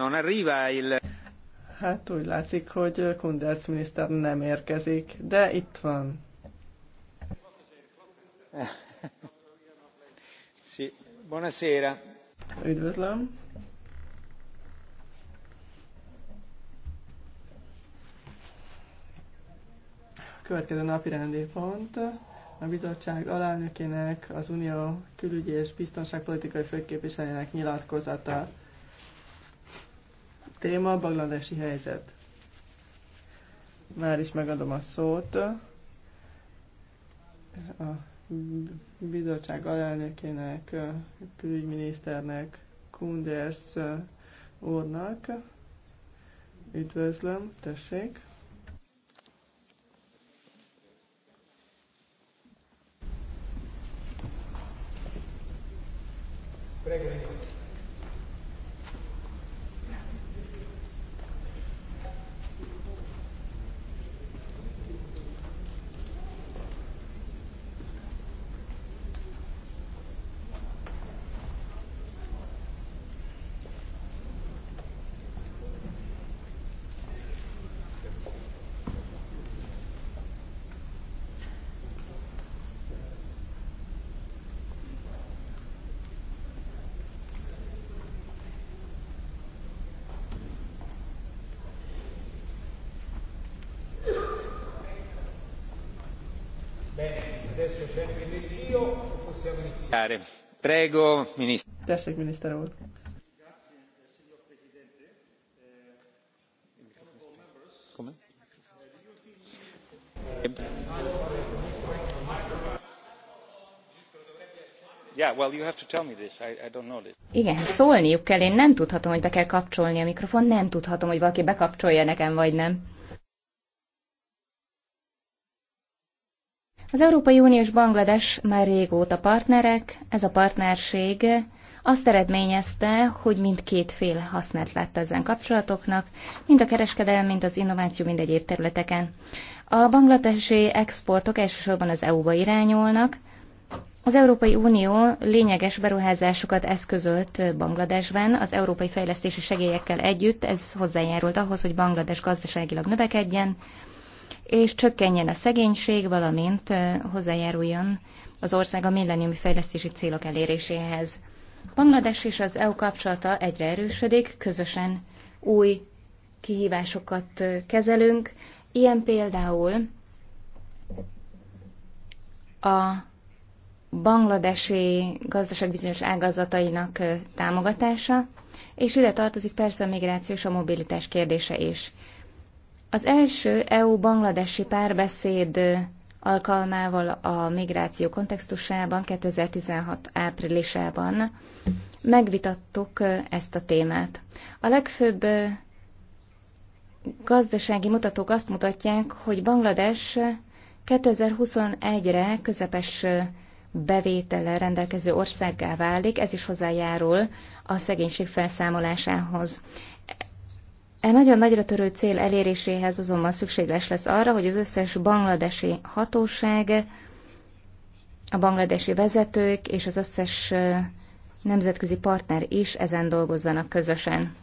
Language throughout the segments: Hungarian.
Non arriva il... Hát úgy látszik, hogy Kunders miniszter nem érkezik, de itt van. sí. Buonasera. Üdvözlöm. Következő napi rendi pont a bizottság alelnökének, az Unió külügyi és biztonságpolitikai főképviselőjének nyilatkozata téma bangladesi helyzet. Már is megadom a szót. A bizottság alelnökének, külügyminiszternek, Kunders úrnak. Üdvözlöm, tessék! Prego. Tessék, miniszter úr. Igen, hát szólniuk kell. Én nem tudhatom, hogy be kell kapcsolni a mikrofon. Nem tudhatom, hogy valaki bekapcsolja nekem, vagy nem. Az Európai Unió és Banglades már régóta partnerek, ez a partnerség azt eredményezte, hogy mindkét fél hasznát látta ezen kapcsolatoknak, mind a kereskedelem, mind az innováció, mind egyéb területeken. A bangladesi exportok elsősorban az EU-ba irányulnak, az Európai Unió lényeges beruházásokat eszközölt Bangladesben, az európai fejlesztési segélyekkel együtt ez hozzájárult ahhoz, hogy Banglades gazdaságilag növekedjen, és csökkenjen a szegénység, valamint hozzájáruljon az ország a milleniumi fejlesztési célok eléréséhez. Banglades és az EU kapcsolata egyre erősödik, közösen új kihívásokat kezelünk, ilyen például a bangladesi gazdaságbizonyos ágazatainak támogatása, és ide tartozik persze a migráció és a mobilitás kérdése is. Az első EU-Bangladesi párbeszéd alkalmával a migráció kontextusában 2016 áprilisában megvitattuk ezt a témát. A legfőbb gazdasági mutatók azt mutatják, hogy Banglades 2021-re közepes bevétellel rendelkező országgá válik, ez is hozzájárul a szegénység felszámolásához. E nagyon nagyra törő cél eléréséhez azonban szükséges lesz arra, hogy az összes bangladesi hatóság, a bangladesi vezetők és az összes nemzetközi partner is ezen dolgozzanak közösen.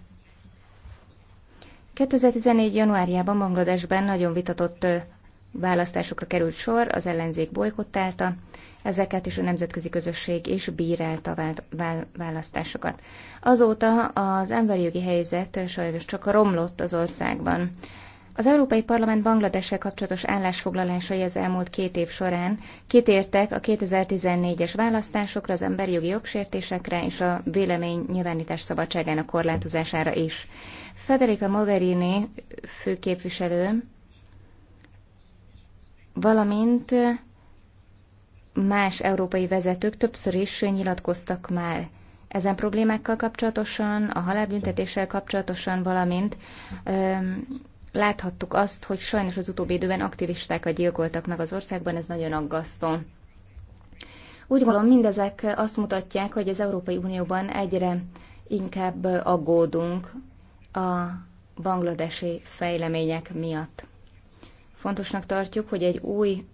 2014. januárjában Bangladesben nagyon vitatott választásokra került sor, az ellenzék bolykottálta, ezeket, és a nemzetközi közösség is bírálta a választásokat. Azóta az emberi jogi helyzet sajnos csak romlott az országban. Az Európai Parlament Bangladessel kapcsolatos állásfoglalásai az elmúlt két év során kitértek a 2014-es választásokra, az emberi jogi jogsértésekre és a vélemény nyilvánítás szabadságának korlátozására is. Federica Mogherini főképviselő, valamint más európai vezetők többször is nyilatkoztak már ezen problémákkal kapcsolatosan, a halálbüntetéssel kapcsolatosan, valamint öm, láthattuk azt, hogy sajnos az utóbbi időben aktivistákat gyilkoltak meg az országban, ez nagyon aggasztó. Úgy gondolom, mindezek azt mutatják, hogy az Európai Unióban egyre inkább aggódunk a bangladesi fejlemények miatt. Fontosnak tartjuk, hogy egy új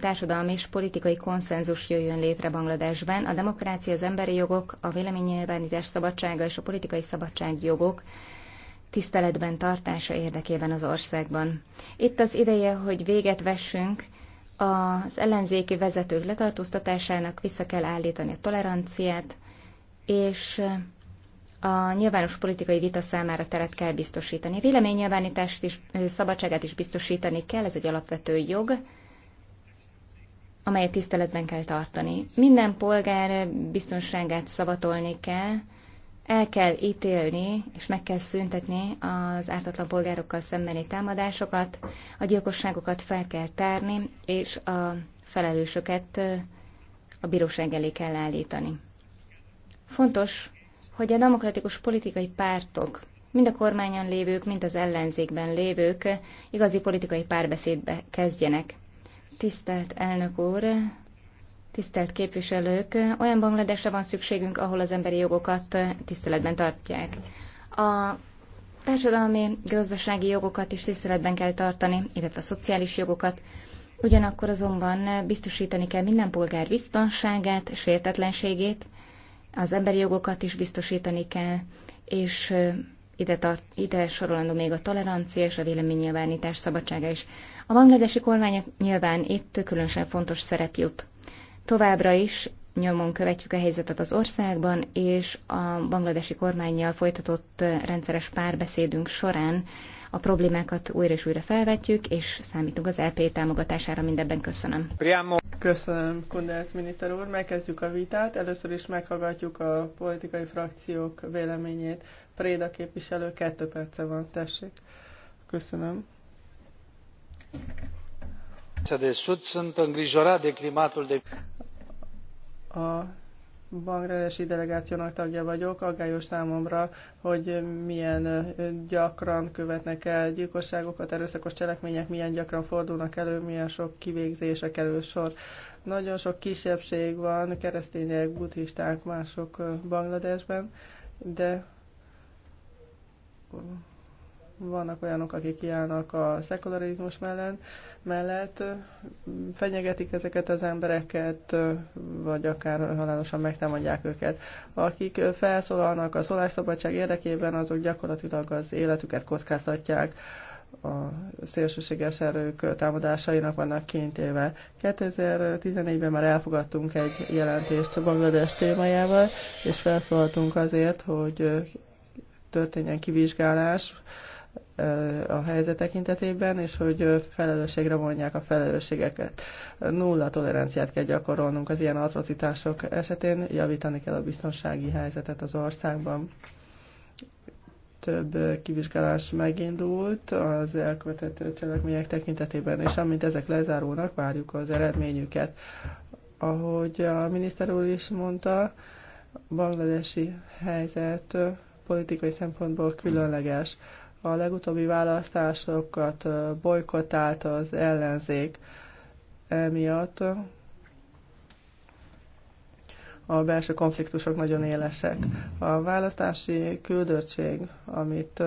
társadalmi és politikai konszenzus jöjjön létre Bangladesben. A demokrácia, az emberi jogok, a véleménynyilvánítás szabadsága és a politikai jogok tiszteletben tartása érdekében az országban. Itt az ideje, hogy véget vessünk az ellenzéki vezetők letartóztatásának, vissza kell állítani a toleranciát, és a nyilvános politikai vita számára teret kell biztosítani. Véleménynyilvánítást is, szabadságát is biztosítani kell, ez egy alapvető jog, amelyet tiszteletben kell tartani. Minden polgár biztonságát szavatolni kell, el kell ítélni és meg kell szüntetni az ártatlan polgárokkal szembeni támadásokat, a gyilkosságokat fel kell tárni, és a felelősöket a bíróság elé kell állítani. Fontos, hogy a demokratikus politikai pártok, mind a kormányon lévők, mind az ellenzékben lévők igazi politikai párbeszédbe kezdjenek. Tisztelt elnök úr, tisztelt képviselők, olyan Bangladesre van szükségünk, ahol az emberi jogokat tiszteletben tartják. A társadalmi, gazdasági jogokat is tiszteletben kell tartani, illetve a szociális jogokat. Ugyanakkor azonban biztosítani kell minden polgár biztonságát, sértetlenségét, az emberi jogokat is biztosítani kell, és ide, tart, ide sorolandó még a tolerancia és a véleménynyilvánítás szabadsága is. A bangladesi kormány nyilván itt különösen fontos szerep jut. Továbbra is nyomon követjük a helyzetet az országban, és a bangladesi kormányjal folytatott rendszeres párbeszédünk során a problémákat újra és újra felvetjük, és számítunk az LP támogatására mindebben. Köszönöm. Priamo Köszönöm, Kundert miniszter úr. Megkezdjük a vitát. Először is meghallgatjuk a politikai frakciók véleményét. Préda képviselő, kettő perce van, tessék. Köszönöm. de de... A bangladesi delegációnak tagja vagyok, aggályos számomra, hogy milyen gyakran követnek el gyilkosságokat, erőszakos cselekmények, milyen gyakran fordulnak elő, milyen sok kivégzése kerül sor. Nagyon sok kisebbség van, keresztények, buddhisták, mások Bangladesben, de vannak olyanok, akik kiállnak a szekularizmus mellett, mellett fenyegetik ezeket az embereket, vagy akár halálosan megtámadják őket. Akik felszólalnak a szólásszabadság érdekében, azok gyakorlatilag az életüket kockáztatják a szélsőséges erők támadásainak vannak kiintéve. 2014-ben már elfogadtunk egy jelentést a Banglades témájával, és felszólaltunk azért, hogy történjen kivizsgálás a helyzet tekintetében, és hogy felelősségre vonják a felelősségeket. Nulla toleranciát kell gyakorolnunk az ilyen atrocitások esetén, javítani kell a biztonsági helyzetet az országban. Több kivizsgálás megindult az elkövetett cselekmények tekintetében, és amint ezek lezárulnak, várjuk az eredményüket. Ahogy a miniszter úr is mondta, bangladesi helyzet politikai szempontból különleges a legutóbbi választásokat bolykotált az ellenzék. Emiatt a belső konfliktusok nagyon élesek. A választási küldöttség, amit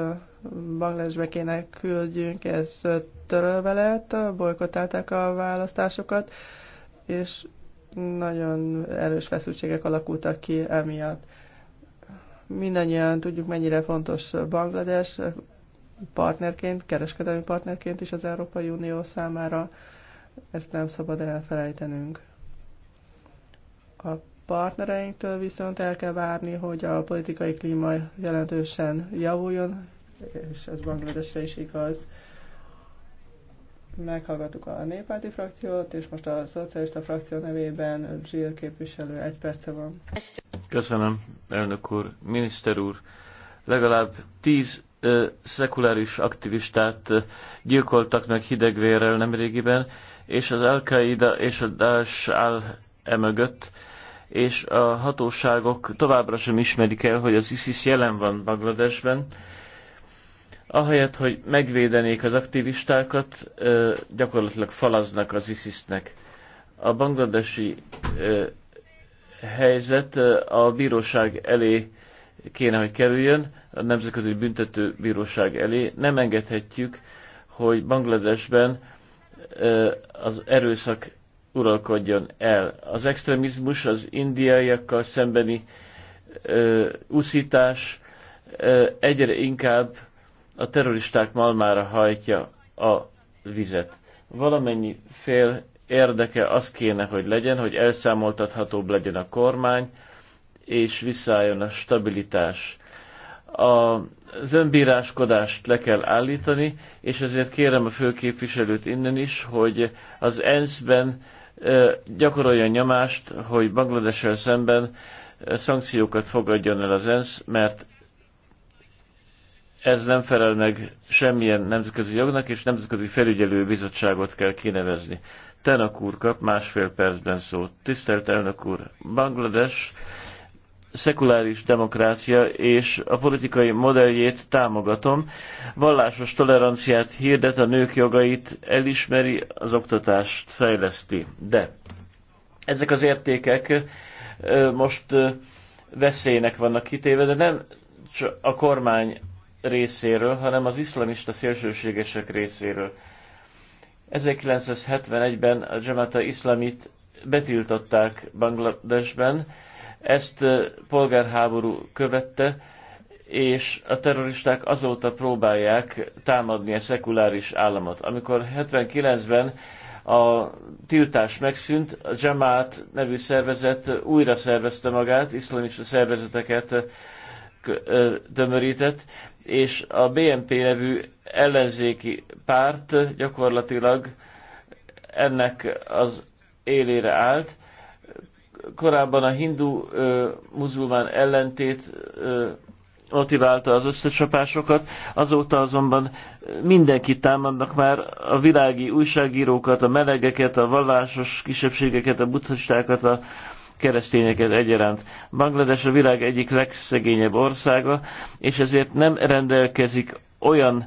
Bangladesbe kéne küldjünk, ez törölve lett, bolykotálták a választásokat, és nagyon erős feszültségek alakultak ki emiatt mindannyian tudjuk, mennyire fontos Banglades, partnerként, kereskedelmi partnerként is az Európai Unió számára. Ezt nem szabad elfelejtenünk. A partnereinktől viszont el kell várni, hogy a politikai klíma jelentősen javuljon, és ez Bangladesre is igaz. Meghallgattuk a néppárti frakciót, és most a szocialista frakció nevében Zsill képviselő egy perce van. Köszönöm, elnök úr, miniszter úr. Legalább tíz ö, szekuláris aktivistát gyilkoltak meg hidegvérrel nemrégiben, és az al és a Daesh áll emögött, és a hatóságok továbbra sem ismerik el, hogy az ISIS jelen van Bangladesben. Ahelyett, hogy megvédenék az aktivistákat, ö, gyakorlatilag falaznak az ISIS-nek. A bangladesi ö, helyzet a bíróság elé kéne, hogy kerüljön a Nemzetközi Büntetőbíróság elé. Nem engedhetjük, hogy Bangladesben az erőszak uralkodjon el. Az extremizmus, az indiaiakkal szembeni úszítás egyre inkább a terroristák malmára hajtja a vizet. Valamennyi fél érdeke az kéne, hogy legyen, hogy elszámoltathatóbb legyen a kormány, és visszajön a stabilitás. Az önbíráskodást le kell állítani, és ezért kérem a főképviselőt innen is, hogy az ENSZ-ben gyakorolja nyomást, hogy Bangladessel szemben szankciókat fogadjon el az ENSZ, mert ez nem felel meg semmilyen nemzetközi jognak, és nemzetközi felügyelő bizottságot kell kinevezni. Tenak úr kap másfél percben szót. Tisztelt elnök úr, Banglades szekuláris demokrácia, és a politikai modelljét támogatom. Vallásos toleranciát hirdet, a nők jogait elismeri, az oktatást fejleszti. De ezek az értékek most veszélynek vannak kitéve, de nem csak a kormány részéről, hanem az iszlamista szélsőségesek részéről. 1971-ben a Jamata iszlamit betiltották Bangladesben, ezt polgárháború követte, és a terroristák azóta próbálják támadni a szekuláris államot. Amikor 79-ben a tiltás megszűnt, a Jamaat nevű szervezet újra szervezte magát, iszlamista szervezeteket tömörített, és a BNP nevű ellenzéki párt gyakorlatilag ennek az élére állt, korábban a hindu-muzulmán ellentét motiválta az összecsapásokat, azóta azonban mindenki támadnak már, a világi újságírókat, a melegeket, a vallásos kisebbségeket, a buddhistákat, a keresztényeket egyaránt. Banglades a világ egyik legszegényebb országa, és ezért nem rendelkezik olyan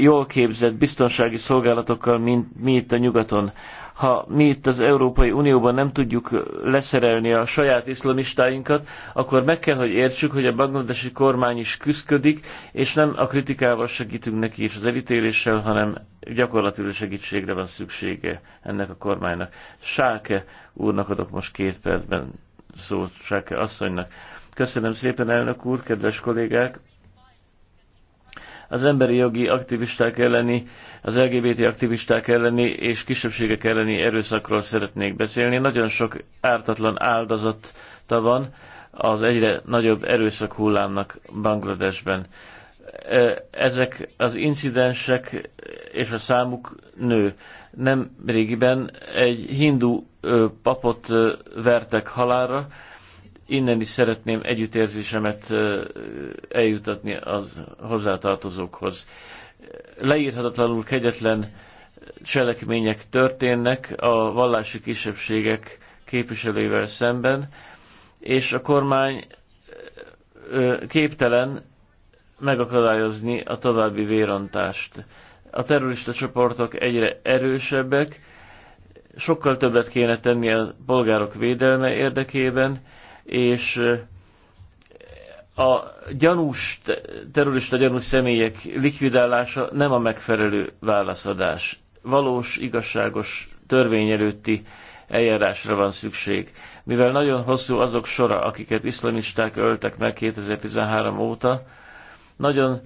jól képzett biztonsági szolgálatokkal, mint mi itt a nyugaton ha mi itt az Európai Unióban nem tudjuk leszerelni a saját iszlamistáinkat, akkor meg kell, hogy értsük, hogy a bangladesi kormány is küzdködik, és nem a kritikával segítünk neki és az elítéléssel, hanem gyakorlatilag segítségre van szüksége ennek a kormánynak. Sáke úrnak adok most két percben szót Sáke asszonynak. Köszönöm szépen, elnök úr, kedves kollégák! az emberi jogi aktivisták elleni, az LGBT aktivisták elleni és kisebbségek elleni erőszakról szeretnék beszélni. Nagyon sok ártatlan áldozata van az egyre nagyobb erőszak hullámnak Bangladesben. Ezek az incidensek és a számuk nő. Nem régiben egy hindu papot vertek halára innen is szeretném együttérzésemet eljutatni az hozzátartozókhoz. Leírhatatlanul kegyetlen cselekmények történnek a vallási kisebbségek képviselőivel szemben, és a kormány képtelen megakadályozni a további vérontást. A terrorista csoportok egyre erősebbek, sokkal többet kéne tenni a polgárok védelme érdekében, és a gyanús, terrorista gyanús személyek likvidálása nem a megfelelő válaszadás. Valós, igazságos, törvény előtti eljárásra van szükség. Mivel nagyon hosszú azok sora, akiket iszlamisták öltek meg 2013 óta, nagyon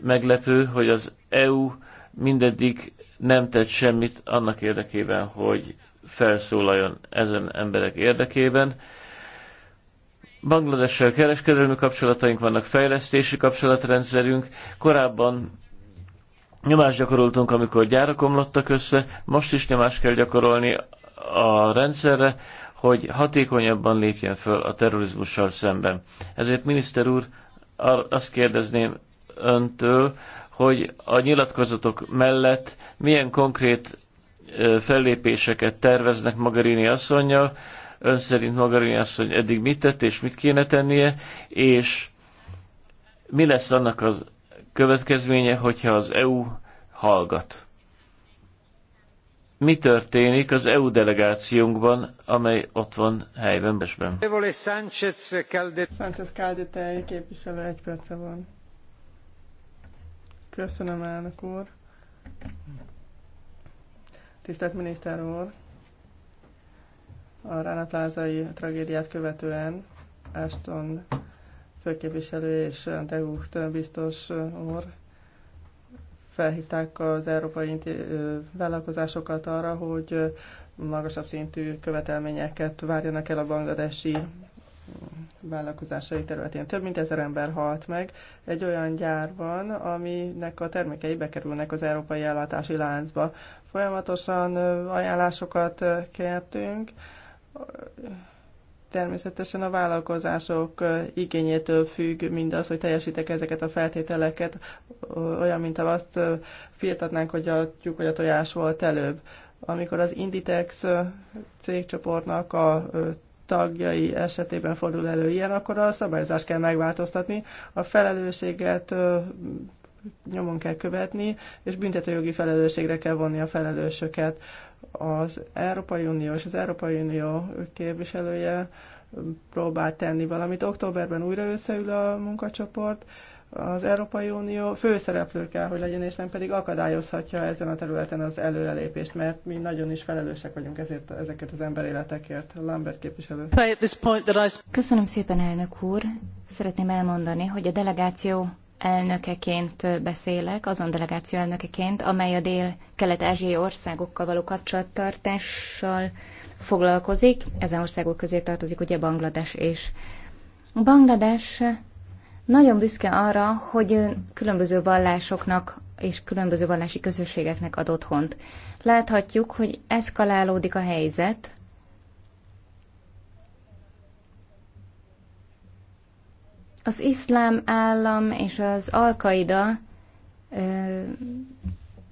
meglepő, hogy az EU mindeddig nem tett semmit annak érdekében, hogy felszólaljon ezen emberek érdekében. Bangladessel kereskedelmi kapcsolataink vannak, fejlesztési kapcsolatrendszerünk. Korábban nyomást gyakoroltunk, amikor gyárak omlottak össze, most is nyomást kell gyakorolni a rendszerre, hogy hatékonyabban lépjen föl a terrorizmussal szemben. Ezért, miniszter úr, azt kérdezném öntől, hogy a nyilatkozatok mellett milyen konkrét fellépéseket terveznek Magarini asszonynal, ön szerint Magarini asszony eddig mit tett és mit kéne tennie, és mi lesz annak az következménye, hogyha az EU hallgat. Mi történik az EU delegációnkban, amely ott van helyben besben? Sánchez Caldetei képviselő, egy perce van. Köszönöm, elnök úr. Tisztelt miniszter úr! A Rana plázai tragédiát követően Ashton főképviselő és De Gucht biztos úr felhívták az európai vállalkozásokat arra, hogy magasabb szintű követelményeket várjanak el a bangladesi vállalkozásai területén. Több mint ezer ember halt meg egy olyan gyárban, aminek a termékei bekerülnek az európai ellátási láncba. Folyamatosan ajánlásokat kértünk, természetesen a vállalkozások igényétől függ mindaz, hogy teljesítek ezeket a feltételeket, olyan, mint ha azt firtatnánk, hogy a tyúk vagy a tojás volt előbb. Amikor az Inditex cégcsoportnak a tagjai esetében fordul elő ilyen, akkor a szabályozást kell megváltoztatni, a felelősséget nyomon kell követni, és büntetőjogi felelősségre kell vonni a felelősöket az Európai Unió és az Európai Unió képviselője próbál tenni valamit. Októberben újra összeül a munkacsoport, az Európai Unió főszereplő kell, hogy legyen, és nem pedig akadályozhatja ezen a területen az előrelépést, mert mi nagyon is felelősek vagyunk ezért, ezeket az emberéletekért. Lambert képviselő. Köszönöm szépen, elnök úr. Szeretném elmondani, hogy a delegáció elnökeként beszélek, azon delegáció elnökeként, amely a dél-kelet-ázsiai országokkal való kapcsolattartással foglalkozik. Ezen országok közé tartozik ugye Banglades és Banglades nagyon büszke arra, hogy különböző vallásoknak és különböző vallási közösségeknek ad otthont. Láthatjuk, hogy eszkalálódik a helyzet, Az iszlám állam és az alkaida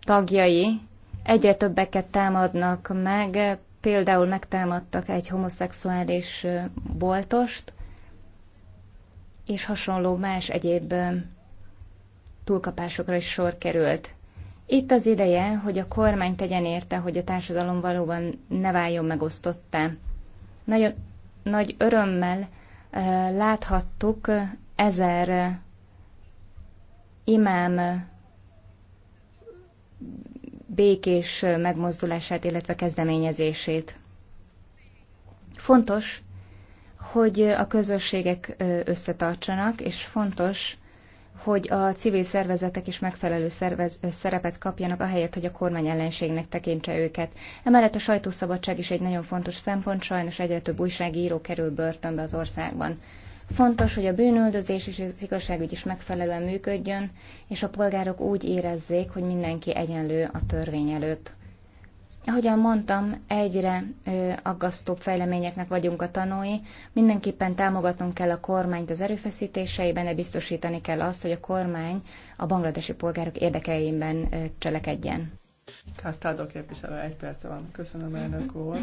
tagjai egyre többeket támadnak meg, például megtámadtak egy homoszexuális boltost, és hasonló más egyéb túlkapásokra is sor került. Itt az ideje, hogy a kormány tegyen érte, hogy a társadalom valóban ne váljon megosztottá. Nagyon nagy örömmel láthattuk ezer imám békés megmozdulását, illetve kezdeményezését. Fontos, hogy a közösségek összetartsanak, és fontos, hogy a civil szervezetek is megfelelő szervez, szerepet kapjanak, ahelyett, hogy a kormány ellenségnek tekintse őket. Emellett a sajtószabadság is egy nagyon fontos szempont, sajnos egyre több újságíró kerül börtönbe az országban. Fontos, hogy a bűnöldözés és az igazságügy is megfelelően működjön, és a polgárok úgy érezzék, hogy mindenki egyenlő a törvény előtt. Ahogyan mondtam, egyre aggasztóbb fejleményeknek vagyunk a tanúi. Mindenképpen támogatnunk kell a kormányt az erőfeszítéseiben, de biztosítani kell azt, hogy a kormány a bangladesi polgárok érdekeiben cselekedjen. Kásztádó képviselő, egy perc van. Köszönöm, elnök úr.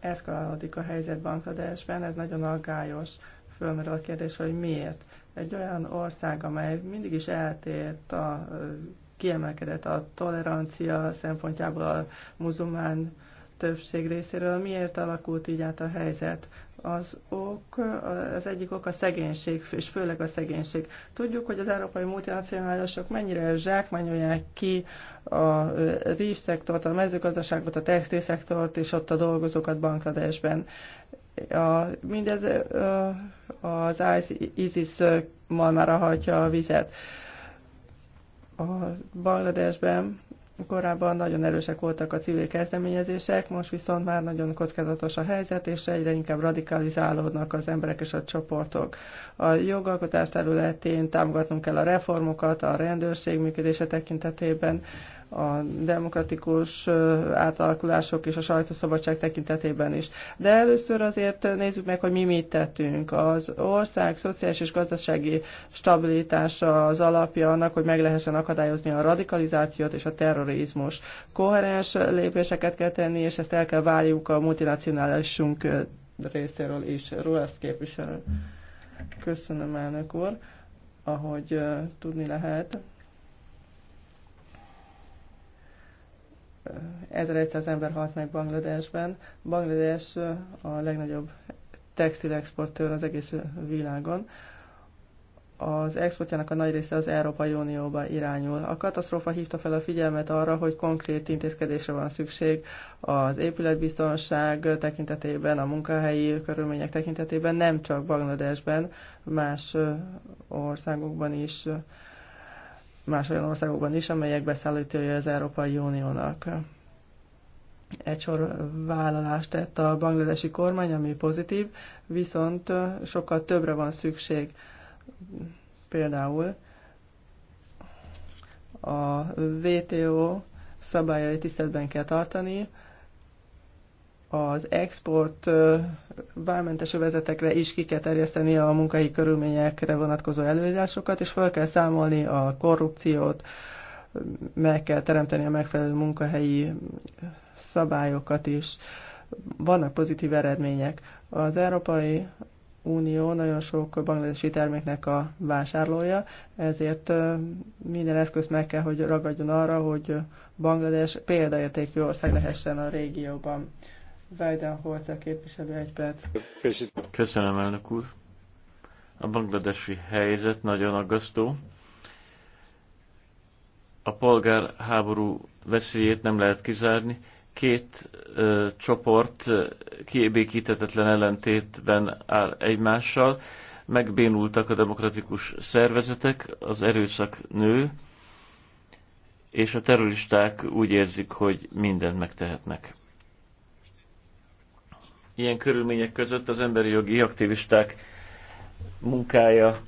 Eszkalálódik a helyzet Bangladesben, ez nagyon aggályos. Fölmerül a kérdés, hogy miért. Egy olyan ország, amely mindig is eltért a kiemelkedett a tolerancia szempontjából a muzulmán többség részéről. Miért alakult így át a helyzet? Az, ok, az egyik ok a szegénység, és főleg a szegénység. Tudjuk, hogy az európai multinacionálisok mennyire zsákmányolják ki a rizs szektort, a mezőgazdaságot, a textil szektort, és ott a dolgozókat Bangladesben. A, mindez az ISIS mal már a vizet a Bangladesben korábban nagyon erősek voltak a civil kezdeményezések, most viszont már nagyon kockázatos a helyzet, és egyre inkább radikalizálódnak az emberek és a csoportok. A jogalkotás területén támogatnunk kell a reformokat, a rendőrség működése tekintetében, a demokratikus átalakulások és a sajtószabadság tekintetében is. De először azért nézzük meg, hogy mi mit tettünk. Az ország szociális és gazdasági stabilitása az alapja annak, hogy meg lehessen akadályozni a radikalizációt és a terrorizmus. Koherens lépéseket kell tenni, és ezt el kell várjuk a multinacionálisunk részéről is. Ruhász képviselő. Köszönöm, elnök úr, ahogy uh, tudni lehet. 1100 ember halt meg Bangladesben. Banglades a legnagyobb textilexportőr az egész világon. Az exportjának a nagy része az Európai Unióba irányul. A katasztrófa hívta fel a figyelmet arra, hogy konkrét intézkedésre van szükség az épületbiztonság tekintetében, a munkahelyi körülmények tekintetében, nem csak Bangladesben, más országokban is más olyan országokban is, amelyek beszállítója az Európai Uniónak. Egy sor vállalást tett a bangladesi kormány, ami pozitív, viszont sokkal többre van szükség. Például a WTO szabályai tiszteletben kell tartani, az export vámmentes övezetekre is ki kell terjeszteni a munkai körülményekre vonatkozó előírásokat, és fel kell számolni a korrupciót, meg kell teremteni a megfelelő munkahelyi szabályokat is. Vannak pozitív eredmények. Az Európai Unió nagyon sok bangladesi terméknek a vásárlója, ezért minden eszközt meg kell, hogy ragadjon arra, hogy Banglades példaértékű ország lehessen a régióban. Weidenholzer képviselő egy perc. Köszönöm, elnök úr. A bangladesi helyzet nagyon aggasztó. A polgárháború veszélyét nem lehet kizárni. Két ö, csoport ö, kiébékítetetlen ellentétben áll egymással. Megbénultak a demokratikus szervezetek, az erőszak nő, és a terroristák úgy érzik, hogy mindent megtehetnek ilyen körülmények között az emberi jogi aktivisták munkája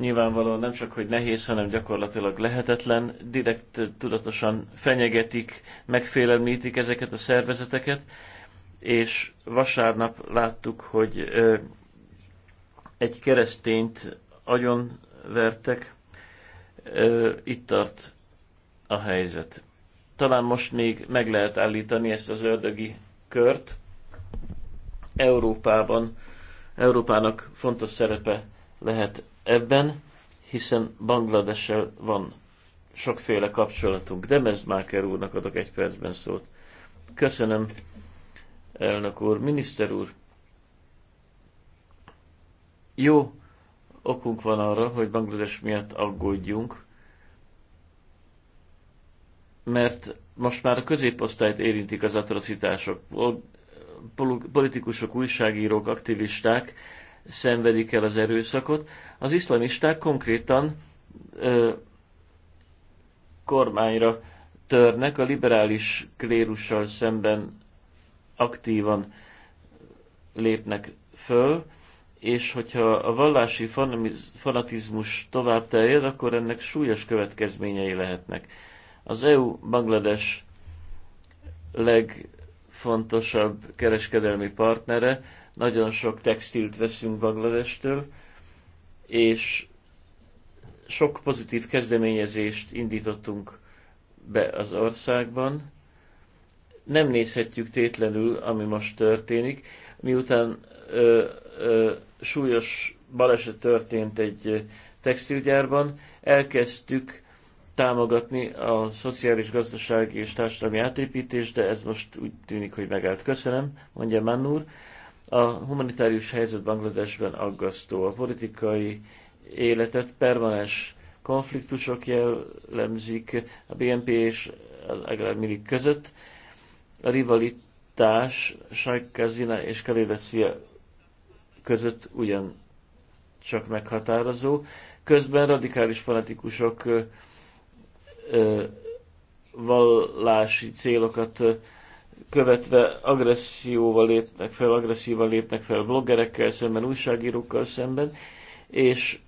nyilvánvalóan nem csak, hogy nehéz, hanem gyakorlatilag lehetetlen. Direkt tudatosan fenyegetik, megfélemlítik ezeket a szervezeteket, és vasárnap láttuk, hogy egy keresztényt agyon vertek. Itt tart a helyzet. Talán most még meg lehet állítani ezt az ördögi kört, Európában, Európának fontos szerepe lehet ebben, hiszen Bangladessel van sokféle kapcsolatunk. De Mezmáker úrnak adok egy percben szót. Köszönöm, elnök úr, miniszter úr. Jó okunk van arra, hogy Banglades miatt aggódjunk, mert most már a középosztályt érintik az atrocitások politikusok, újságírók, aktivisták szenvedik el az erőszakot. Az iszlamisták konkrétan ö, kormányra törnek, a liberális klérussal szemben aktívan lépnek föl, és hogyha a vallási fanatizmus tovább terjed, akkor ennek súlyos következményei lehetnek. Az EU Banglades leg legfontosabb kereskedelmi partnere. Nagyon sok textilt veszünk Bangladestől, és sok pozitív kezdeményezést indítottunk be az országban. Nem nézhetjük tétlenül, ami most történik. Miután ö, ö, súlyos baleset történt egy textilgyárban, elkezdtük támogatni a szociális, gazdasági és társadalmi átépítést, de ez most úgy tűnik, hogy megállt. Köszönöm, mondja Manur A humanitárius helyzet Bangladesben aggasztó. A politikai életet permanens konfliktusok jellemzik a BNP és az Agrármilik között. A rivalitás Sajkazina és Kaléveszia között ugyan csak meghatározó. Közben radikális fanatikusok vallási célokat követve agresszióval lépnek fel, agresszívan lépnek fel bloggerekkel szemben, újságírókkal szemben, és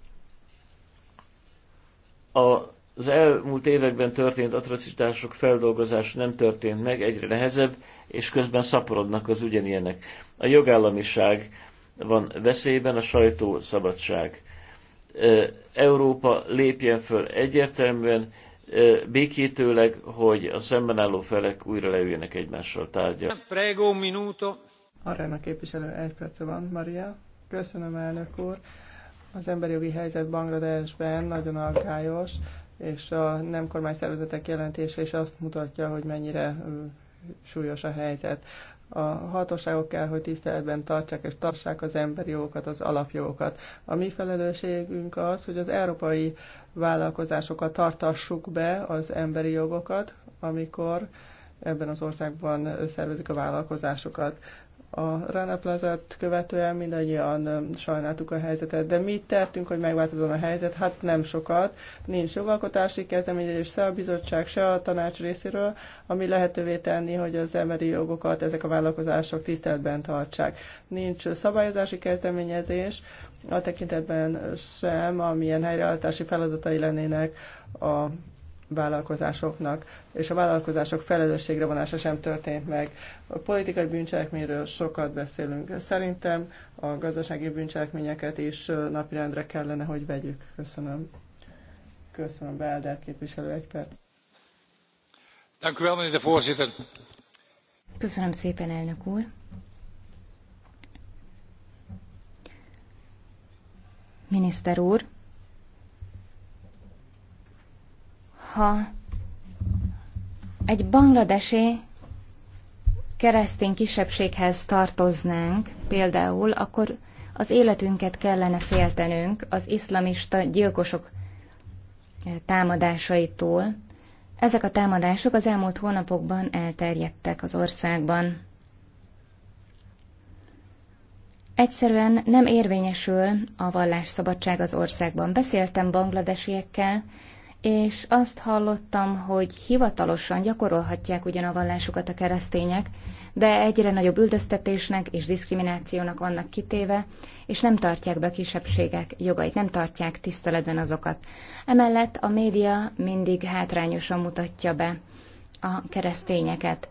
az elmúlt években történt atrocitások feldolgozása nem történt meg, egyre nehezebb, és közben szaporodnak az ugyanilyenek. A jogállamiság van veszélyben, a sajtó szabadság. Európa lépjen föl egyértelműen, békétőleg, hogy a szemben álló felek újra leüljenek egymással tárgyal. Prego, un minuto. Arra képviselő, egy perce van, Maria. Köszönöm, elnök úr. Az emberi jogi helyzet Bangladesben nagyon alkályos, és a nem kormány szervezetek jelentése is azt mutatja, hogy mennyire súlyos a helyzet a hatóságok kell, hogy tiszteletben tartsák és tartsák az emberi jogokat, az alapjogokat. A mi felelősségünk az, hogy az európai vállalkozásokat tartassuk be az emberi jogokat, amikor ebben az országban szervezik a vállalkozásokat. A Rana Plazát követően mindannyian sajnáltuk a helyzetet, de mit tettünk, hogy megváltozzon a helyzet? Hát nem sokat. Nincs jogalkotási kezdeményezés se a bizottság, se a tanács részéről, ami lehetővé tenni, hogy az emberi jogokat ezek a vállalkozások tiszteletben tartsák. Nincs szabályozási kezdeményezés, a tekintetben sem, amilyen helyreállítási feladatai lennének a vállalkozásoknak, és a vállalkozások felelősségre vonása sem történt meg. A politikai bűncselekményről sokat beszélünk. Szerintem a gazdasági bűncselekményeket is napirendre kellene, hogy vegyük. Köszönöm. Köszönöm, Belder képviselő, egy perc. Köszönöm szépen, elnök úr. Miniszter úr, ha egy bangladesi keresztény kisebbséghez tartoznánk például, akkor az életünket kellene féltenünk az iszlamista gyilkosok eh, támadásaitól. Ezek a támadások az elmúlt hónapokban elterjedtek az országban. Egyszerűen nem érvényesül a vallásszabadság az országban. Beszéltem bangladesiekkel, és azt hallottam, hogy hivatalosan gyakorolhatják ugyan a vallásukat a keresztények, de egyre nagyobb üldöztetésnek és diszkriminációnak vannak kitéve, és nem tartják be kisebbségek jogait, nem tartják tiszteletben azokat. Emellett a média mindig hátrányosan mutatja be a keresztényeket.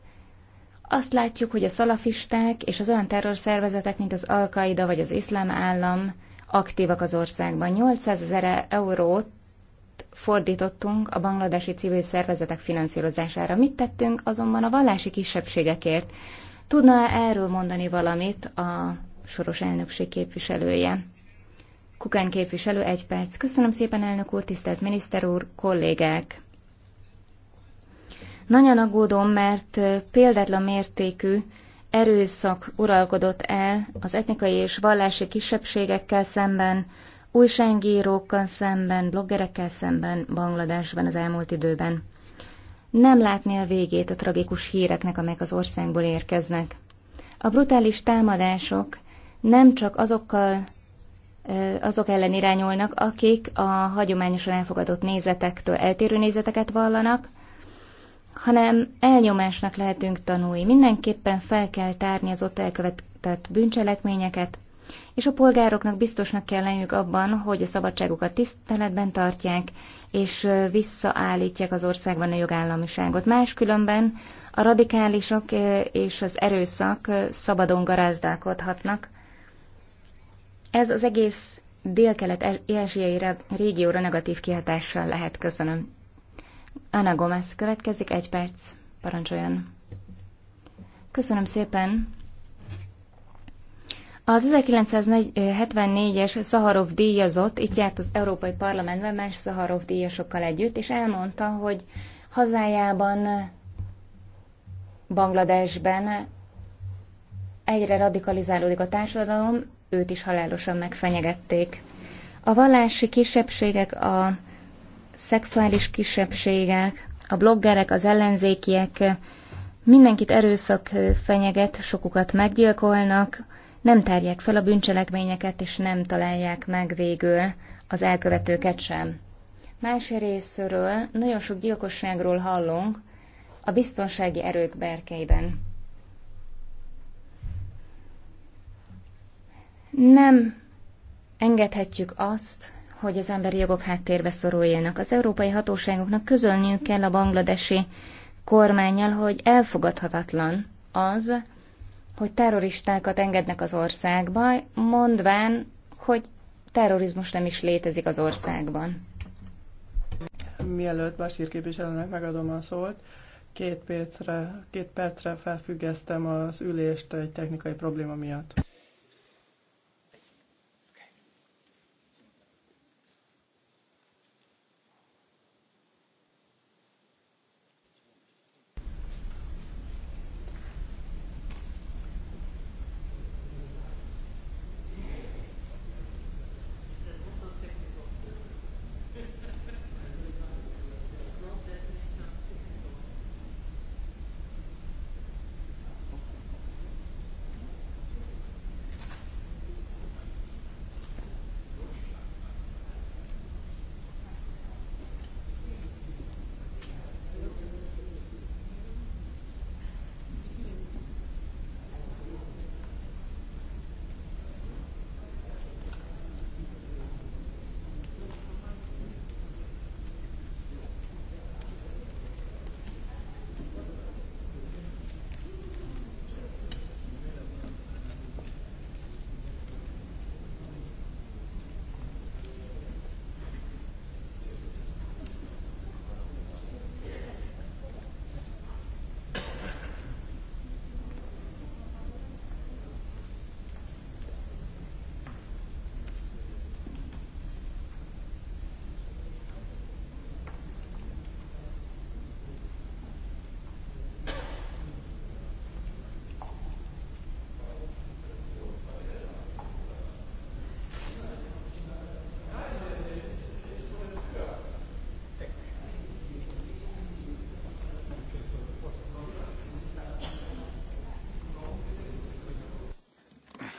Azt látjuk, hogy a szalafisták és az olyan terrorszervezetek, mint az Al-Qaida vagy az iszlám állam aktívak az országban. 800 ezer eurót fordítottunk a bangladesi civil szervezetek finanszírozására. Mit tettünk azonban a vallási kisebbségekért? Tudna -e erről mondani valamit a soros elnökség képviselője? Kukán képviselő, egy perc. Köszönöm szépen, elnök úr, tisztelt miniszter úr, kollégák! Nagyon aggódom, mert példátlan mértékű erőszak uralkodott el az etnikai és vallási kisebbségekkel szemben, újságírókkal szemben, bloggerekkel szemben Bangladesben az elmúlt időben. Nem látni a végét a tragikus híreknek, amelyek az országból érkeznek. A brutális támadások nem csak azokkal azok ellen irányulnak, akik a hagyományosan elfogadott nézetektől eltérő nézeteket vallanak, hanem elnyomásnak lehetünk tanulni. Mindenképpen fel kell tárni az ott elkövetett bűncselekményeket, és a polgároknak biztosnak kell lenniük abban, hogy a szabadságukat tiszteletben tartják, és visszaállítják az országban a jogállamiságot. Máskülönben a radikálisok és az erőszak szabadon garázdálkodhatnak. Ez az egész dél-kelet-ázsiai régióra negatív kihatással lehet. Köszönöm. Ana Gomez következik, egy perc. Parancsoljon. Köszönöm szépen. Az 1974-es Szaharov díjazott itt járt az Európai Parlamentben más Szaharov díjasokkal együtt, és elmondta, hogy hazájában, Bangladesben egyre radikalizálódik a társadalom, őt is halálosan megfenyegették. A vallási kisebbségek, a szexuális kisebbségek, a bloggerek, az ellenzékiek, mindenkit erőszak fenyeget, sokukat meggyilkolnak, nem tárják fel a bűncselekményeket, és nem találják meg végül az elkövetőket sem. Más részről nagyon sok gyilkosságról hallunk a biztonsági erők berkeiben. Nem engedhetjük azt, hogy az emberi jogok háttérbe szoruljanak. Az európai hatóságoknak közölniük kell a bangladesi kormányjal, hogy elfogadhatatlan az, hogy terroristákat engednek az országba, mondván, hogy terrorizmus nem is létezik az országban. Mielőtt Basír képviselőnek megadom a szót, két percre, két percre felfüggesztem az ülést egy technikai probléma miatt.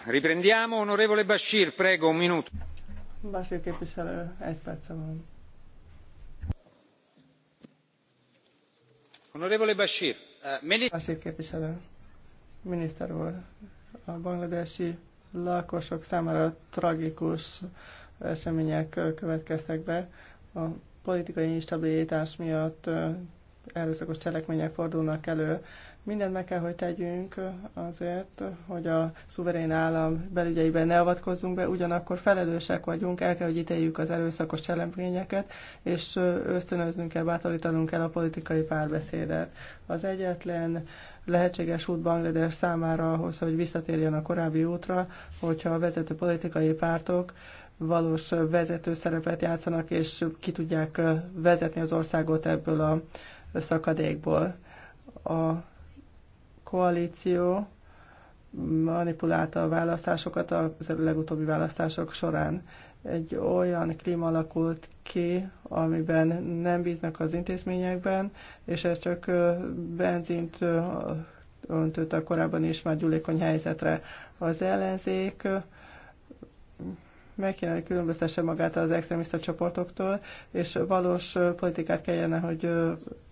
Bashir, képviselő, egy perce van. Eh, Bashir képviselő, miniszter úr, a bangladesi lakosok számára tragikus események következtek be. A politikai instabilitás miatt eh, erőszakos cselekmények fordulnak elő. Mindent meg kell, hogy tegyünk azért, hogy a szuverén állam belügyeiben ne avatkozzunk be, ugyanakkor felelősek vagyunk, el kell, hogy ítéljük az erőszakos cselekményeket, és ösztönöznünk kell, bátorítanunk kell a politikai párbeszédet. Az egyetlen lehetséges út Banglades számára ahhoz, hogy visszatérjen a korábbi útra, hogyha a vezető politikai pártok valós vezető szerepet játszanak, és ki tudják vezetni az országot ebből a szakadékból. A koalíció manipulálta a választásokat a legutóbbi választások során. Egy olyan klíma alakult ki, amiben nem bíznak az intézményekben, és ez csak benzint öntött a korábban is már gyúlékony helyzetre. Az ellenzék meg kéne különböztesse magát az extrémista csoportoktól, és valós politikát kellene, hogy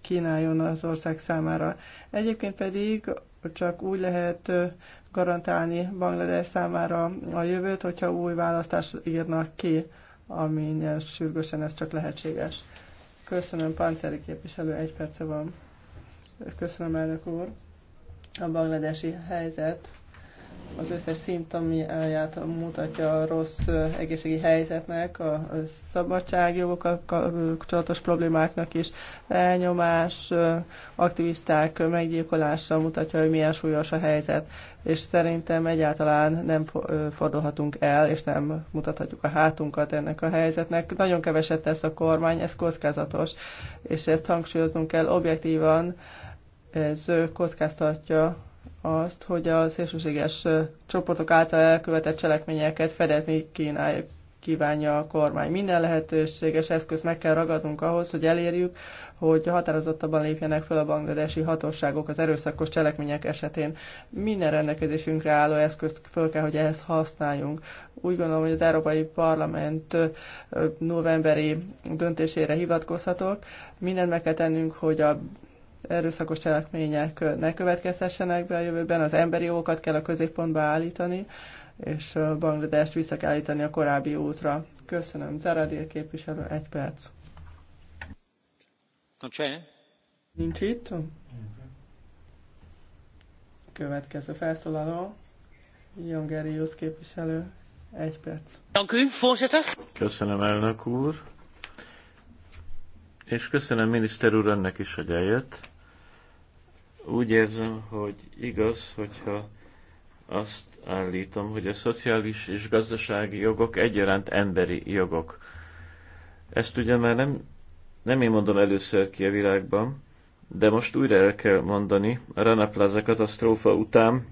kínáljon az ország számára. Egyébként pedig csak úgy lehet garantálni Banglades számára a jövőt, hogyha új választást írnak ki, amilyen sürgősen ez csak lehetséges. Köszönöm, Panceri képviselő, egy perce van. Köszönöm, elnök úr. A bangladesi helyzet az összes elját mutatja a rossz egészségi helyzetnek, a szabadságjogokkal kapcsolatos problémáknak is, elnyomás, aktivisták meggyilkolása mutatja, hogy milyen súlyos a helyzet, és szerintem egyáltalán nem fordulhatunk el, és nem mutathatjuk a hátunkat ennek a helyzetnek. Nagyon keveset tesz a kormány, ez kockázatos, és ezt hangsúlyoznunk kell objektívan, ez kockáztatja azt, hogy a szélsőséges csoportok által elkövetett cselekményeket fedezni kínálja, kívánja a kormány. Minden lehetőséges eszköz meg kell ragadnunk ahhoz, hogy elérjük, hogy határozottabban lépjenek fel a bangladesi hatóságok az erőszakos cselekmények esetén. Minden rendelkezésünkre álló eszközt föl kell, hogy ehhez használjunk. Úgy gondolom, hogy az Európai Parlament novemberi döntésére hivatkozhatok. Mindent meg kell tennünk, hogy a erőszakos cselekmények ne következhessenek be a jövőben, az emberi jogokat kell a középpontba állítani, és Bangladest vissza kell állítani a korábbi útra. Köszönöm. Zaradil képviselő, egy perc. Nincs itt? Következő felszólaló, Jongerius képviselő, egy perc. Köszönöm, elnök úr. És köszönöm miniszter úr önnek is, hogy eljött. Úgy érzem, hogy igaz, hogyha azt állítom, hogy a szociális és gazdasági jogok egyaránt emberi jogok. Ezt ugye már nem, nem én mondom először ki a világban, de most újra el kell mondani, a Rana Plaza katasztrófa után,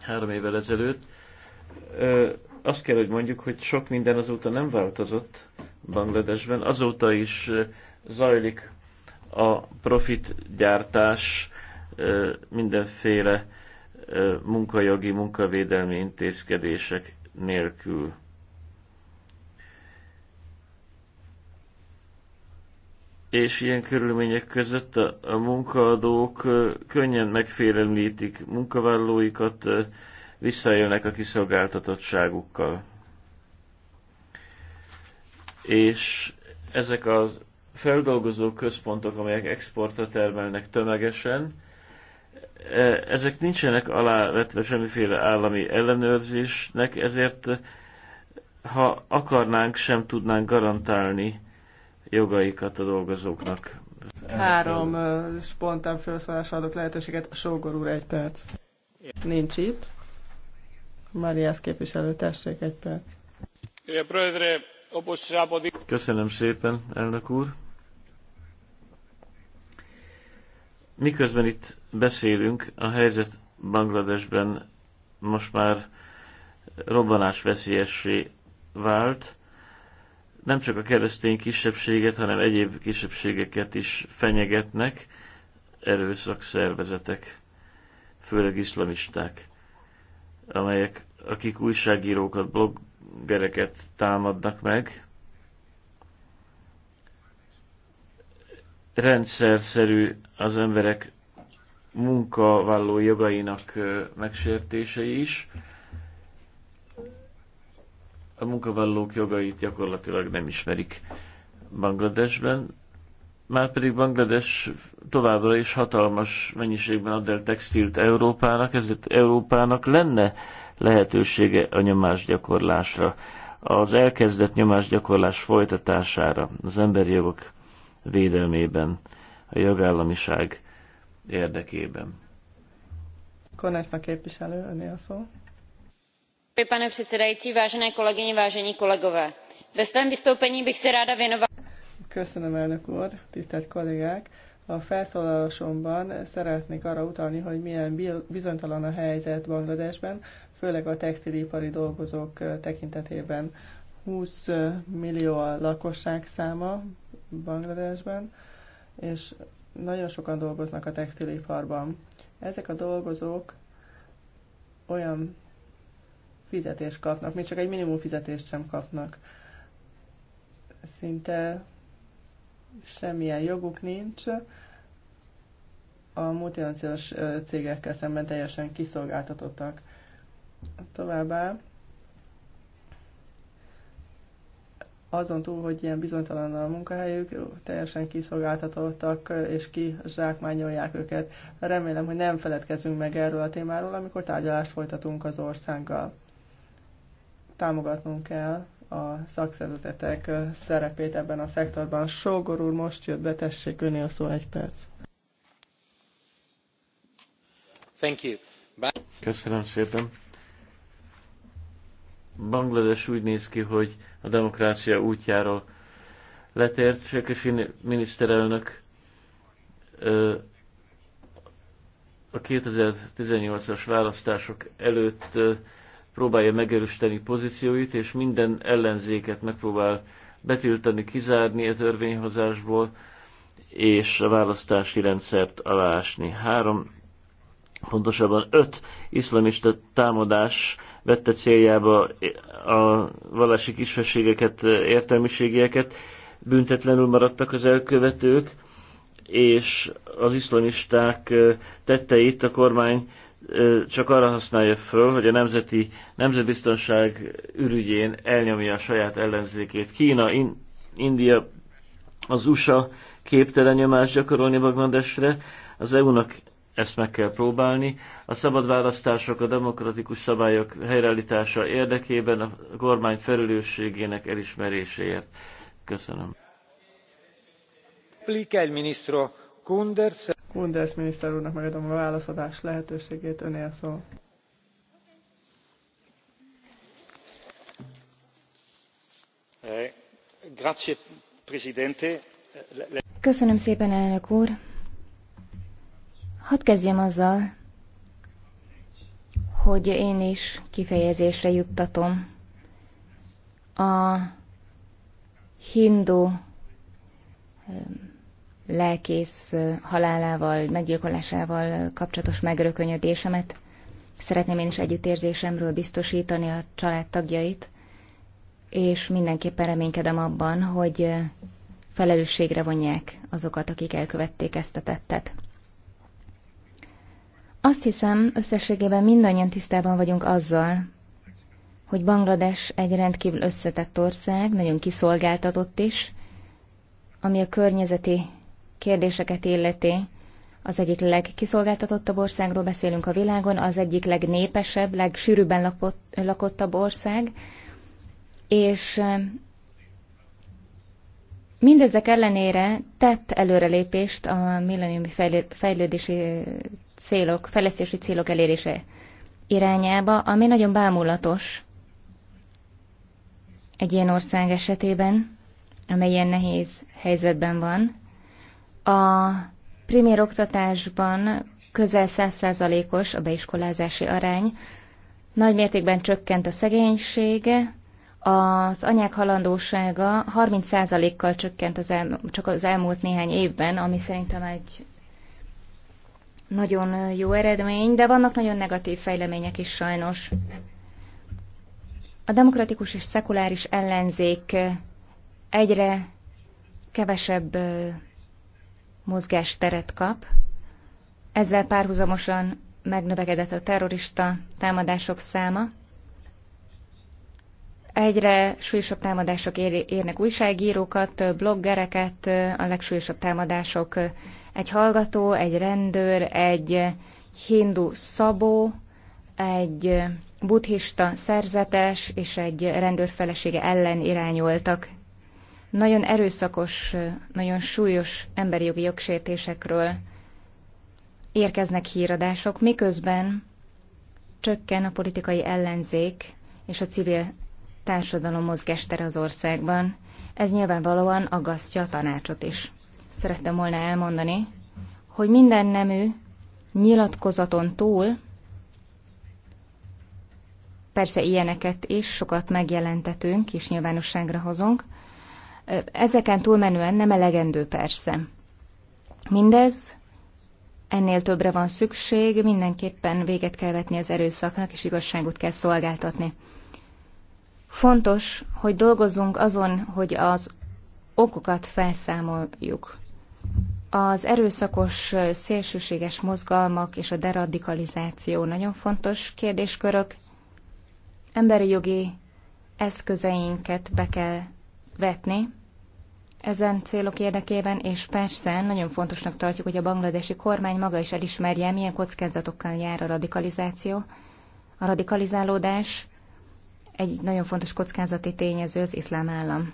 három évvel ezelőtt, ö, azt kell, hogy mondjuk, hogy sok minden azóta nem változott Bangladesben, azóta is zajlik a profitgyártás, mindenféle munkajogi, munkavédelmi intézkedések nélkül. És ilyen körülmények között a, a munkaadók könnyen megfélemlítik munkavállalóikat, visszaélnek a kiszolgáltatottságukkal. És ezek az feldolgozó központok, amelyek exportra termelnek tömegesen, E, ezek nincsenek alávetve semmiféle állami ellenőrzésnek, ezért e, ha akarnánk, sem tudnánk garantálni jogaikat a dolgozóknak. Három e, spontán felszólásra adok lehetőséget. Sógor úr, egy perc. Nincs itt. Mariász képviselő, tessék, egy perc. Köszönöm szépen, elnök úr. Miközben itt beszélünk, a helyzet Bangladesben most már veszélyessé vált. Nem csak a keresztény kisebbséget, hanem egyéb kisebbségeket is fenyegetnek erőszakszervezetek, főleg iszlamisták, amelyek, akik újságírókat, bloggereket támadnak meg, rendszerszerű az emberek munkavállaló jogainak megsértései is. A munkavállalók jogait gyakorlatilag nem ismerik Bangladesben, márpedig Banglades továbbra is hatalmas mennyiségben ad el textilt Európának, ezért Európának lenne lehetősége a nyomásgyakorlásra, az elkezdett nyomásgyakorlás folytatására, az emberi jogok védelmében, a jogállamiság érdekében. Konácsnak képviselő, önél a szó. Pane předsedající, vážené kolegyně, vážení kolegové, ve svém vystoupení bych se ráda věnovala. Köszönöm, elnök úr, tisztelt kollégák! A felszólalásomban szeretnék arra utalni, hogy milyen bizonytalan a helyzet Bangladesben, főleg a textilipari dolgozók tekintetében. 20 millió a lakosság száma, Bangladesben, és nagyon sokan dolgoznak a textiliparban. Ezek a dolgozók olyan fizetést kapnak, még csak egy minimum fizetést sem kapnak. Szinte semmilyen joguk nincs. A multinacionális cégekkel szemben teljesen kiszolgáltatottak. Továbbá azon túl, hogy ilyen bizonytalan a munkahelyük, teljesen kiszolgáltatottak és kizsákmányolják őket. Remélem, hogy nem feledkezünk meg erről a témáról, amikor tárgyalást folytatunk az országgal. Támogatnunk kell a szakszervezetek szerepét ebben a szektorban. Sógor úr, most jött be, tessék öné a szó egy perc. Thank you. Bye. Köszönöm szépen Banglades úgy néz ki, hogy a demokrácia útjáról letért. Sökesin miniszterelnök a 2018-as választások előtt próbálja megerősíteni pozícióit, és minden ellenzéket megpróbál betiltani, kizárni a törvényhozásból, és a választási rendszert alásni. Három, pontosabban öt iszlamista támadás vette céljába a vallási kisfességeket, értelmiségieket, büntetlenül maradtak az elkövetők, és az iszlamisták tetteit a kormány csak arra használja föl, hogy a nemzeti, nemzetbiztonság ürügyén elnyomja a saját ellenzékét. Kína, in, India, az USA képtelen nyomást gyakorolni Bangladesre, az EU-nak ezt meg kell próbálni. A szabad választások, a demokratikus szabályok helyreállítása érdekében a kormány felelősségének elismeréséért. Köszönöm. Kunders miniszter úrnak megadom a válaszadás lehetőségét, önél szó. Eh, Köszönöm szépen, elnök úr! Hadd kezdjem azzal, hogy én is kifejezésre juttatom a hindu lelkész halálával, meggyilkolásával kapcsolatos megrökönyödésemet. Szeretném én is együttérzésemről biztosítani a családtagjait, és mindenképpen reménykedem abban, hogy felelősségre vonják azokat, akik elkövették ezt a tettet. Azt hiszem, összességében mindannyian tisztában vagyunk azzal, hogy Banglades egy rendkívül összetett ország, nagyon kiszolgáltatott is, ami a környezeti kérdéseket illeti. Az egyik legkiszolgáltatottabb országról beszélünk a világon, az egyik legnépesebb, legsűrűbben lakott, lakottabb ország, és mindezek ellenére tett előrelépést a millenniumi fejlődési célok, fejlesztési célok elérése irányába, ami nagyon bámulatos egy ilyen ország esetében, amely ilyen nehéz helyzetben van. A primér oktatásban közel 100%-os a beiskolázási arány, nagy mértékben csökkent a szegénysége, az anyák halandósága 30%-kal csökkent az el, csak az elmúlt néhány évben, ami szerintem egy nagyon jó eredmény, de vannak nagyon negatív fejlemények is sajnos. A demokratikus és szekuláris ellenzék egyre kevesebb mozgásteret kap, ezzel párhuzamosan megnövekedett a terrorista támadások száma, egyre súlyosabb támadások érnek újságírókat, bloggereket, a legsúlyosabb támadások egy hallgató, egy rendőr, egy hindu szabó, egy buddhista szerzetes és egy rendőr felesége ellen irányoltak. Nagyon erőszakos, nagyon súlyos emberi jogi jogsértésekről érkeznek híradások, miközben csökken a politikai ellenzék és a civil társadalom mozgástere az országban. Ez nyilvánvalóan aggasztja a tanácsot is szerettem volna elmondani, hogy minden nemű nyilatkozaton túl, persze ilyeneket is sokat megjelentetünk és nyilvánosságra hozunk, ezeken túlmenően nem elegendő persze. Mindez ennél többre van szükség, mindenképpen véget kell vetni az erőszaknak, és igazságot kell szolgáltatni. Fontos, hogy dolgozzunk azon, hogy az okokat felszámoljuk. Az erőszakos, szélsőséges mozgalmak és a deradikalizáció nagyon fontos kérdéskörök. Emberi jogi eszközeinket be kell vetni ezen célok érdekében, és persze nagyon fontosnak tartjuk, hogy a bangladesi kormány maga is elismerje, milyen kockázatokkal jár a radikalizáció. A radikalizálódás egy nagyon fontos kockázati tényező az iszlám állam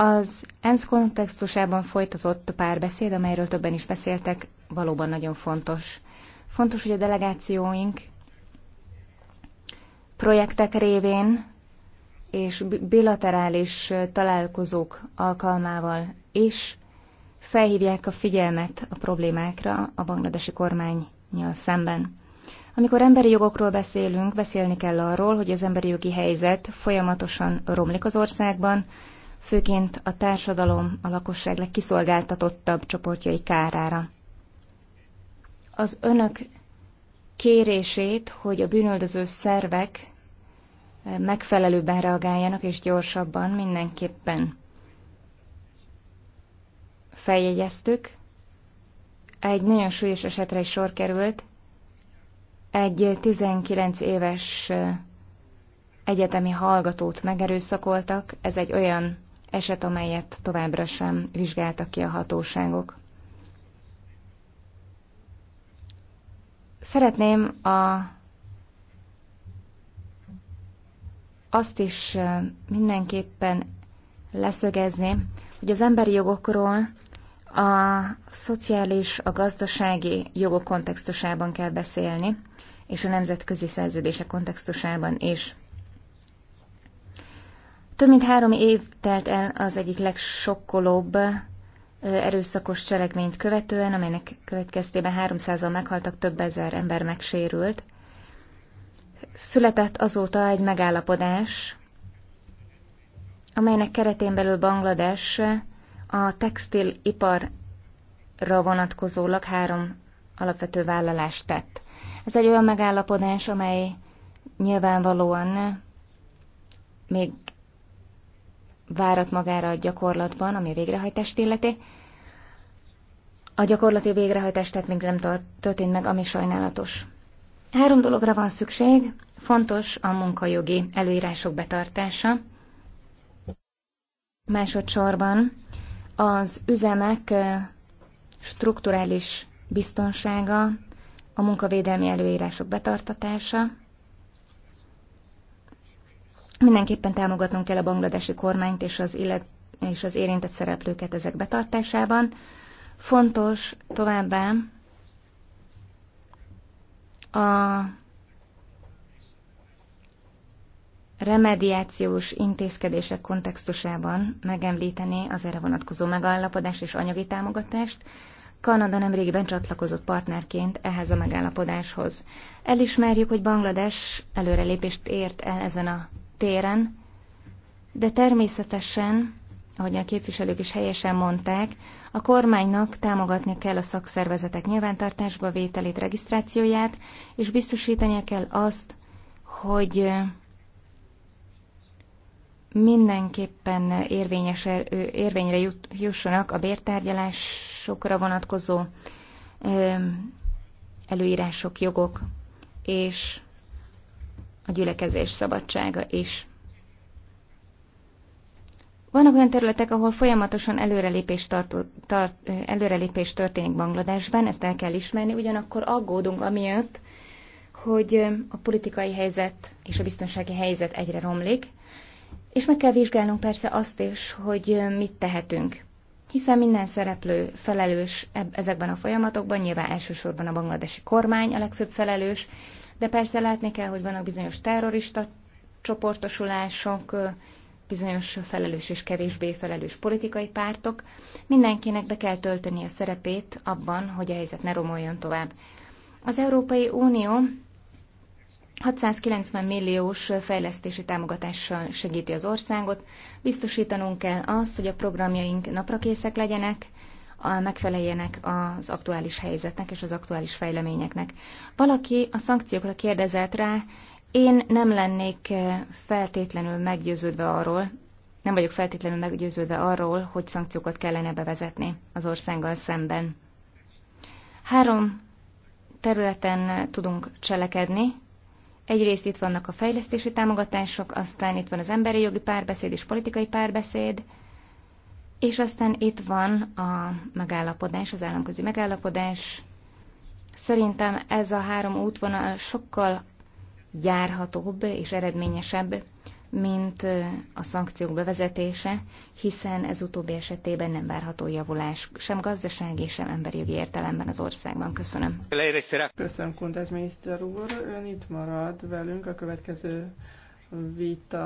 az ENSZ kontextusában folytatott párbeszéd, amelyről többen is beszéltek, valóban nagyon fontos. Fontos, hogy a delegációink projektek révén és bilaterális találkozók alkalmával is felhívják a figyelmet a problémákra a bangladesi kormányjal szemben. Amikor emberi jogokról beszélünk, beszélni kell arról, hogy az emberi jogi helyzet folyamatosan romlik az országban, főként a társadalom, a lakosság legkiszolgáltatottabb csoportjai kárára. Az önök kérését, hogy a bűnöldöző szervek eh, megfelelőben reagáljanak és gyorsabban mindenképpen feljegyeztük. Egy nagyon súlyos esetre is sor került. Egy 19 éves eh, egyetemi hallgatót megerőszakoltak. Ez egy olyan eset, amelyet továbbra sem vizsgáltak ki a hatóságok. Szeretném a, azt is mindenképpen leszögezni, hogy az emberi jogokról a szociális, a gazdasági jogok kontextusában kell beszélni, és a nemzetközi szerződések kontextusában is. Több mint három év telt el az egyik legsokkolóbb erőszakos cselekményt követően, amelynek következtében 300-an meghaltak, több ezer ember megsérült. Született azóta egy megállapodás, amelynek keretén belül Banglades a textiliparra vonatkozólag három alapvető vállalást tett. Ez egy olyan megállapodás, amely nyilvánvalóan még várat magára a gyakorlatban, ami a végrehajtást illeti. A gyakorlati végrehajtást, tehát még nem történt meg, ami sajnálatos. Három dologra van szükség. Fontos a munkajogi előírások betartása. Másodszorban az üzemek strukturális biztonsága, a munkavédelmi előírások betartatása, Mindenképpen támogatnunk kell a bangladesi kormányt és az, illet, és az érintett szereplőket ezek betartásában. Fontos továbbá a remediációs intézkedések kontextusában megemlíteni az erre vonatkozó megállapodást és anyagi támogatást. Kanada nemrégiben csatlakozott partnerként ehhez a megállapodáshoz. Elismerjük, hogy Banglades előrelépést ért el ezen a téren, de természetesen, ahogy a képviselők is helyesen mondták, a kormánynak támogatnia kell a szakszervezetek nyilvántartásba vételét, regisztrációját, és biztosítania kell azt, hogy mindenképpen érvényes, érvényre jussanak a bértárgyalásokra vonatkozó előírások, jogok, és a gyülekezés szabadsága is. Vannak olyan területek, ahol folyamatosan előrelépés, tartó, tart, előrelépés történik Bangladesben, ezt el kell ismerni, ugyanakkor aggódunk amiatt, hogy a politikai helyzet és a biztonsági helyzet egyre romlik, és meg kell vizsgálnunk persze azt is, hogy mit tehetünk. Hiszen minden szereplő felelős ezekben a folyamatokban, nyilván elsősorban a bangladesi kormány a legfőbb felelős, de persze látni kell, hogy vannak bizonyos terrorista csoportosulások, bizonyos felelős és kevésbé felelős politikai pártok. Mindenkinek be kell tölteni a szerepét abban, hogy a helyzet ne romoljon tovább. Az Európai Unió 690 milliós fejlesztési támogatással segíti az országot. Biztosítanunk kell azt, hogy a programjaink naprakészek legyenek, megfeleljenek az aktuális helyzetnek és az aktuális fejleményeknek. Valaki a szankciókra kérdezett rá, én nem lennék eh, feltétlenül meggyőződve arról, nem vagyok feltétlenül meggyőződve arról, hogy szankciókat kellene bevezetni az országgal szemben. Három területen eh, tudunk cselekedni. Egyrészt itt vannak a fejlesztési támogatások, aztán itt van az emberi jogi párbeszéd és politikai párbeszéd, és aztán itt van a megállapodás, az államközi megállapodás. Szerintem ez a három útvonal sokkal járhatóbb és eredményesebb, mint a szankciók bevezetése, hiszen ez utóbbi esetében nem várható javulás sem gazdasági, sem emberi jogi értelemben az országban. Köszönöm. Köszönöm, Kundás miniszter úr. Ön itt marad velünk a következő vita